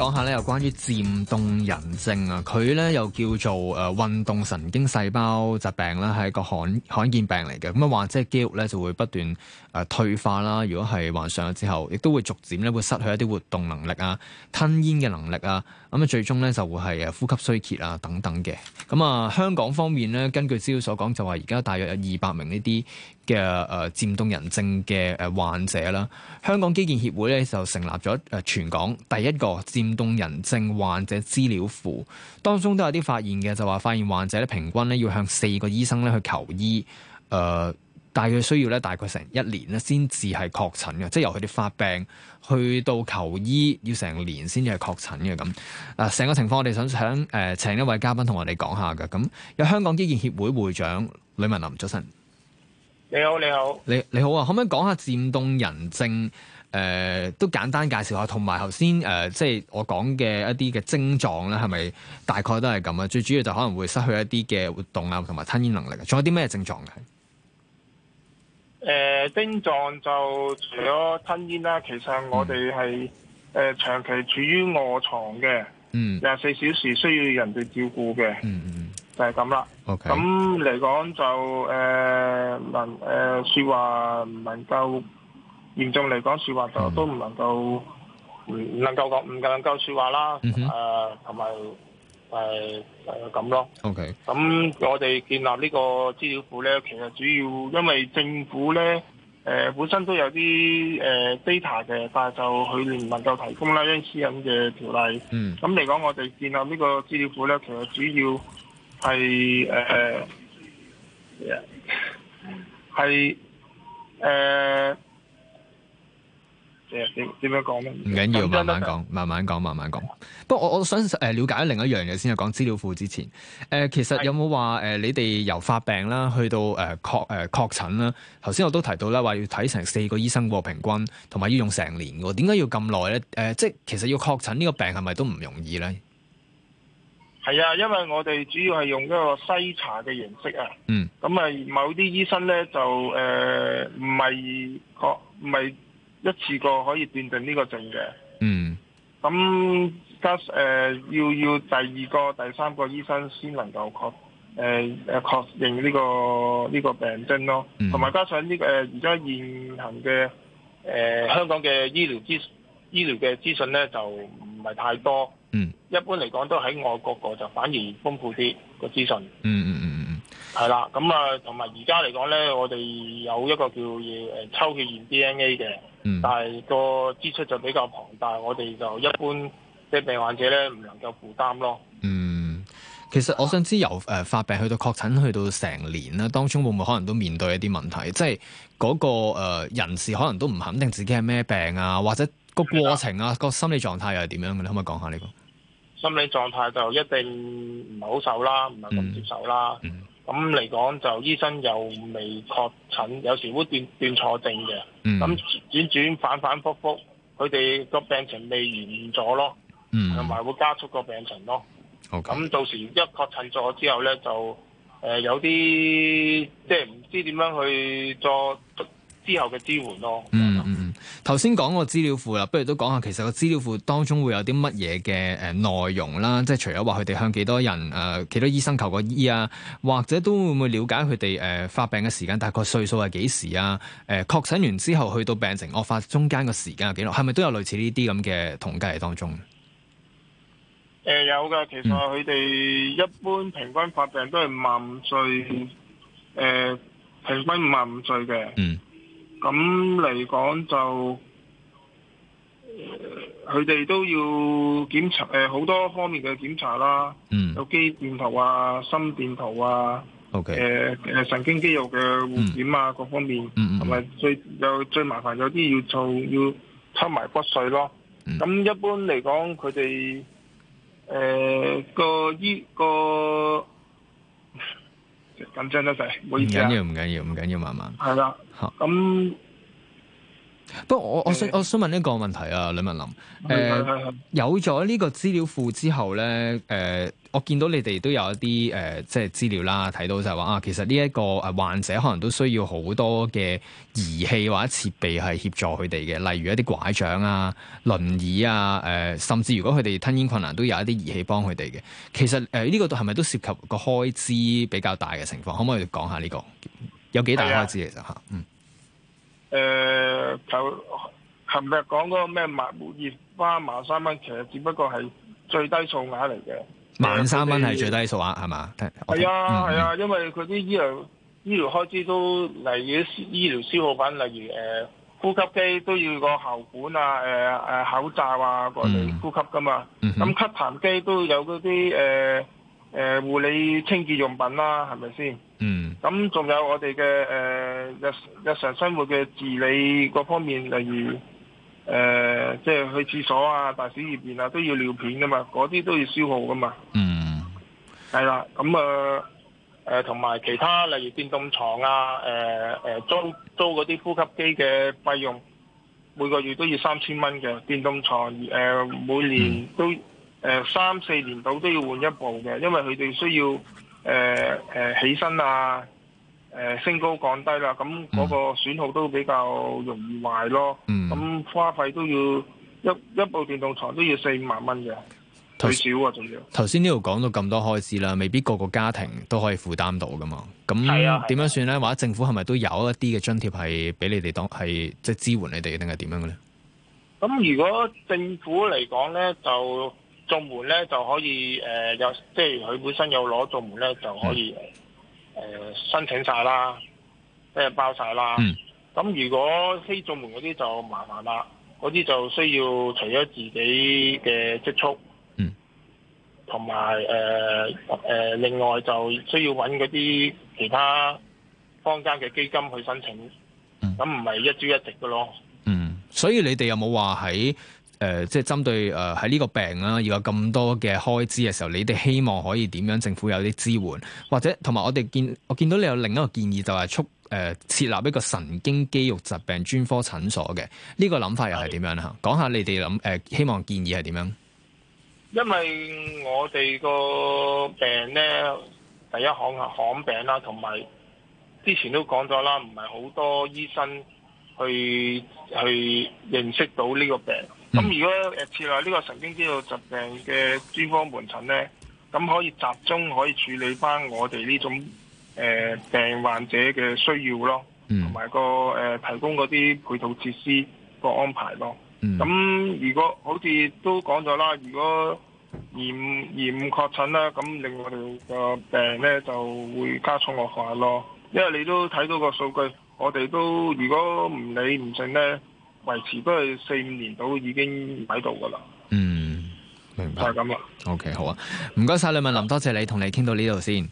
講下咧，有關於漸凍人症啊，佢咧又叫做誒運動神經細胞疾病啦，係一個罕罕見病嚟嘅。咁啊，或者肌肉咧就會不斷誒退化啦。如果係患上咗之後，亦都會逐漸咧會失去一啲活動能力啊、吞嚥嘅能力啊。咁啊，最終咧就會係呼吸衰竭啊等等嘅。咁啊，香港方面咧，根據資料所講，就話而家大約有二百名呢啲嘅誒漸凍人症嘅誒患者啦。香港基建協會肌健協會咧就成立咗誒、呃、全港第一個漸凍人症患者資料庫，當中都有啲發現嘅，就話發現患者咧平均咧要向四個醫生咧去求醫誒。呃大概需要咧，大概成一年咧，先至係確診嘅，即係由佢哋發病去到求醫，要成年先至係確診嘅咁。啊，成個情況我哋想想誒，請一位嘉賓同我哋講下嘅咁。有香港肌健協會會長呂文林早晨：「你好，你好。你你好啊，可唔可以講下漸凍人症？誒、呃，都簡單介紹下，同埋頭先誒，即係我講嘅一啲嘅症狀咧，係咪大概都係咁啊？最主要就可能會失去一啲嘅活動啊，同埋吞咽能力。仲有啲咩症狀嘅？誒，症狀、呃、就除咗吞咽啦，其實我哋係誒長期處於臥床嘅，嗯，廿四小時需要人哋照顧嘅、嗯，嗯就 Okay. 嗯，就係咁啦。咁嚟講就誒能誒說話唔能夠嚴重嚟講說話就都唔能夠，唔、嗯、能夠講唔能夠說話啦。誒、嗯哼，同埋、呃。誒誒咁咯，OK。咁我哋建立呢個資料庫咧，其實主要因為政府咧誒、呃、本身都有啲誒、呃、data 嘅，但係就佢唔能夠提供啦，因私隱嘅條例。嗯。咁嚟講，我哋建立呢個資料庫咧，其實主要係誒係誒。呃點點樣講咧？唔緊要，慢慢講，慢慢講，慢慢講。不過我我想誒了解另一樣嘢先，喺講資料庫之前。誒，其實有冇話誒你哋由發病啦，去到誒確誒確診啦？頭、呃、先、呃、我都提到啦，話要睇成四個醫生喎，平均同埋要用成年嘅，點解要咁耐咧？誒、呃，即係其實要確診呢個病係咪都唔容易咧？係啊，因為我哋主要係用一個篩查嘅形式啊。嗯。咁、呃、啊，某啲醫生咧就誒唔係確唔係。一次過可以斷定呢個症嘅，嗯、mm. 啊，咁加誒要要第二個、第三個醫生先能夠確誒誒確認呢、這個呢、這個病徵咯，同埋、mm. 加上呢、這個而家、呃、現，現行嘅誒、呃、香港嘅醫療資醫療嘅資訊咧就唔係太多，嗯，mm. 一般嚟講都喺外國個就反而豐富啲、那個資訊，嗯嗯嗯嗯，係啦，咁啊同埋而家嚟講咧，我哋有一個叫誒抽血驗 D N A 嘅。嗯、但係個支出就比較龐大，我哋就一般即病患者咧唔能夠負擔咯。嗯，其實我想知由誒、呃、發病去到確診去到成年啦，當中會唔會可能都面對一啲問題？即係嗰、那個誒、呃、人士可能都唔肯定自己係咩病啊，或者個過程啊的個心理狀態又係點樣嘅？你可唔可以講下呢、這個？心理狀態就一定唔係好受啦，唔係咁接受啦。咁嚟講就醫生又未確診有時會斷斷錯症嘅，咁、嗯、轉轉反反覆覆，佢哋個病情未完咗咯，同埋、嗯、會加速個病情咯。好咁 Okay. 到時一確診咗之後咧，就誒、呃、有啲即係唔知點樣去做之後嘅支援咯。嗯頭先講個資料庫啦，不如都講下，其實個資料庫當中會有啲乜嘢嘅誒內容啦？即係除咗話佢哋向幾多人誒，呃、幾多醫生求過醫啊，或者都會唔會了解佢哋誒發病嘅時間，大概歲數係幾時啊？誒、呃，確診完之後去到病情惡化中間嘅時間係幾耐？係咪都有類似呢啲咁嘅統計喺當中？誒、呃，有噶，其實佢哋、嗯、一般平均發病都係五十五歲，誒、呃，平均五十五歲嘅。嗯咁嚟講就，佢、呃、哋都要檢查，誒、呃、好多方面嘅檢查啦，嗯，有肌電圖啊、心電圖啊，OK，誒誒、呃、神經肌肉嘅活檢啊，嗯、各方面，同埋、嗯嗯、最有最麻煩有啲要做要抽埋骨髓咯，嗯，咁一般嚟講佢哋，誒個醫個。個個個緊張得滯，唔緊要，唔緊要，唔緊要，慢慢。係啦，嚇、嗯，咁。 不過我我，我想我想問一個問題啊，呂文林，誒有咗呢個資料庫之後咧，誒、呃。我見到你哋都有一啲誒、呃，即係資料啦，睇到就係話啊，其實呢一個患者可能都需要好多嘅儀器或者設備係協助佢哋嘅，例如一啲拐杖啊、輪椅啊，誒、呃，甚至如果佢哋吞咽困難，都有一啲儀器幫佢哋嘅。其實誒呢、呃這個係咪都涉及個開支比較大嘅情況？可唔可以講下呢、這個有幾大開支其實嚇？的嗯，就琴、呃、日講嗰個咩萬五葉花萬三蚊，其實只不過係最低數額嚟嘅。萬三蚊係最低數額係嘛？係啊係、嗯、啊，因為佢啲醫療醫療開支都嚟自醫療消耗品，例如誒、呃、呼吸機都要個喉管啊誒誒、呃、口罩啊嚟呼吸噶嘛。咁、嗯、哼吸痰機都有嗰啲誒誒護理清潔用品啦、啊，係咪先？咁仲、嗯、有我哋嘅誒日日常生活嘅治理各方面，例如。誒、呃，即係去廁所啊、大小便啊，都要尿片㗎嘛，嗰啲都要消耗㗎嘛、mm.。嗯，係、呃、啦，咁啊，誒同埋其他，例如電動牀啊，誒、呃、誒租租嗰啲呼吸機嘅費用，每個月都要三千蚊嘅電動牀，誒、呃、每年都誒三四年度都要換一部嘅，因為佢哋需要誒誒、呃呃、起身啊。誒升高降低啦，咁嗰個損耗都比較容易壞咯。咁、嗯、花費都要一一部電動床都要四萬蚊嘅，最少啊仲要。頭先呢度講到咁多開支啦，未必個個家庭都可以負擔到噶嘛。咁點樣算咧？或者政府係咪都有一啲嘅津貼係俾你哋當係即係支援你哋定係點樣嘅咧？咁如果政府嚟講咧，就做門咧就可以誒，有即係佢本身有攞做門咧就可以。呃誒、呃、申請晒啦，即、呃、係包晒啦。咁、嗯、如果非組門嗰啲就麻煩啦，嗰啲就需要除咗自己嘅積蓄，同埋誒誒另外就需要揾嗰啲其他坊間嘅基金去申請。咁唔係一朝一夕嘅咯。嗯，所以你哋有冇話喺？誒、呃，即係針對誒喺呢個病啦，要有咁多嘅開支嘅時候，你哋希望可以點樣政府有啲支援，或者同埋我哋見我見到你有另一個建議，就係促誒設立一個神經肌肉疾病專科診所嘅呢、這個諗法又，又係點樣咧？嚇，講下你哋諗誒，希望建議係點樣？因為我哋個病咧，第一行項，項病啦，同埋之前都講咗啦，唔係好多醫生去去認識到呢個病。咁、嗯嗯、如果誒設立呢個神經肌肉疾病嘅專科門診呢，咁可以集中可以處理翻我哋呢種誒病患者嘅需要咯，同埋個誒提供嗰啲配套設施個安排咯。咁如果好似都講咗啦，如果延誤延誤確診啦，咁令我哋個病呢就會加速惡化咯。因為你都睇到個數據，我哋都如果唔理唔整呢。維持都係四五年到，已經唔喺度噶啦。嗯，明白，就係咁啦。OK，好啊，唔該晒呂文林，多謝你同你傾到呢度先。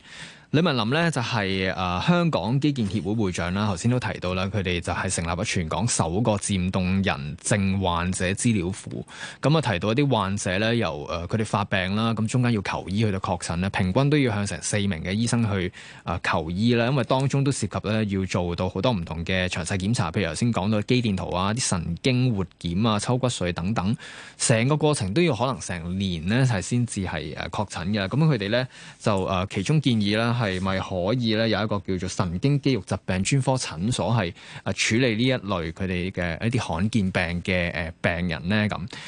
呂文林咧就係誒香港肌健協會會長啦，頭先都提到啦，佢哋就係成立咗全港首個漸凍人症患者資料庫。咁啊提到一啲患者咧，由誒佢哋發病啦，咁中間要求醫去到確診咧，平均都要向成四名嘅醫生去啊求醫啦，因為當中都涉及咧要做到好多唔同嘅詳細檢查，譬如頭先講到肌電圖啊、啲神經活檢啊、抽骨髓等等，成個過程都要可能成年咧係先至係誒確診嘅。咁佢哋咧就誒、呃、其中建議啦。係咪可以咧，有一個叫做神經肌肉疾病專科診所，係啊處理呢一類佢哋嘅一啲罕見病嘅誒病人咧咁？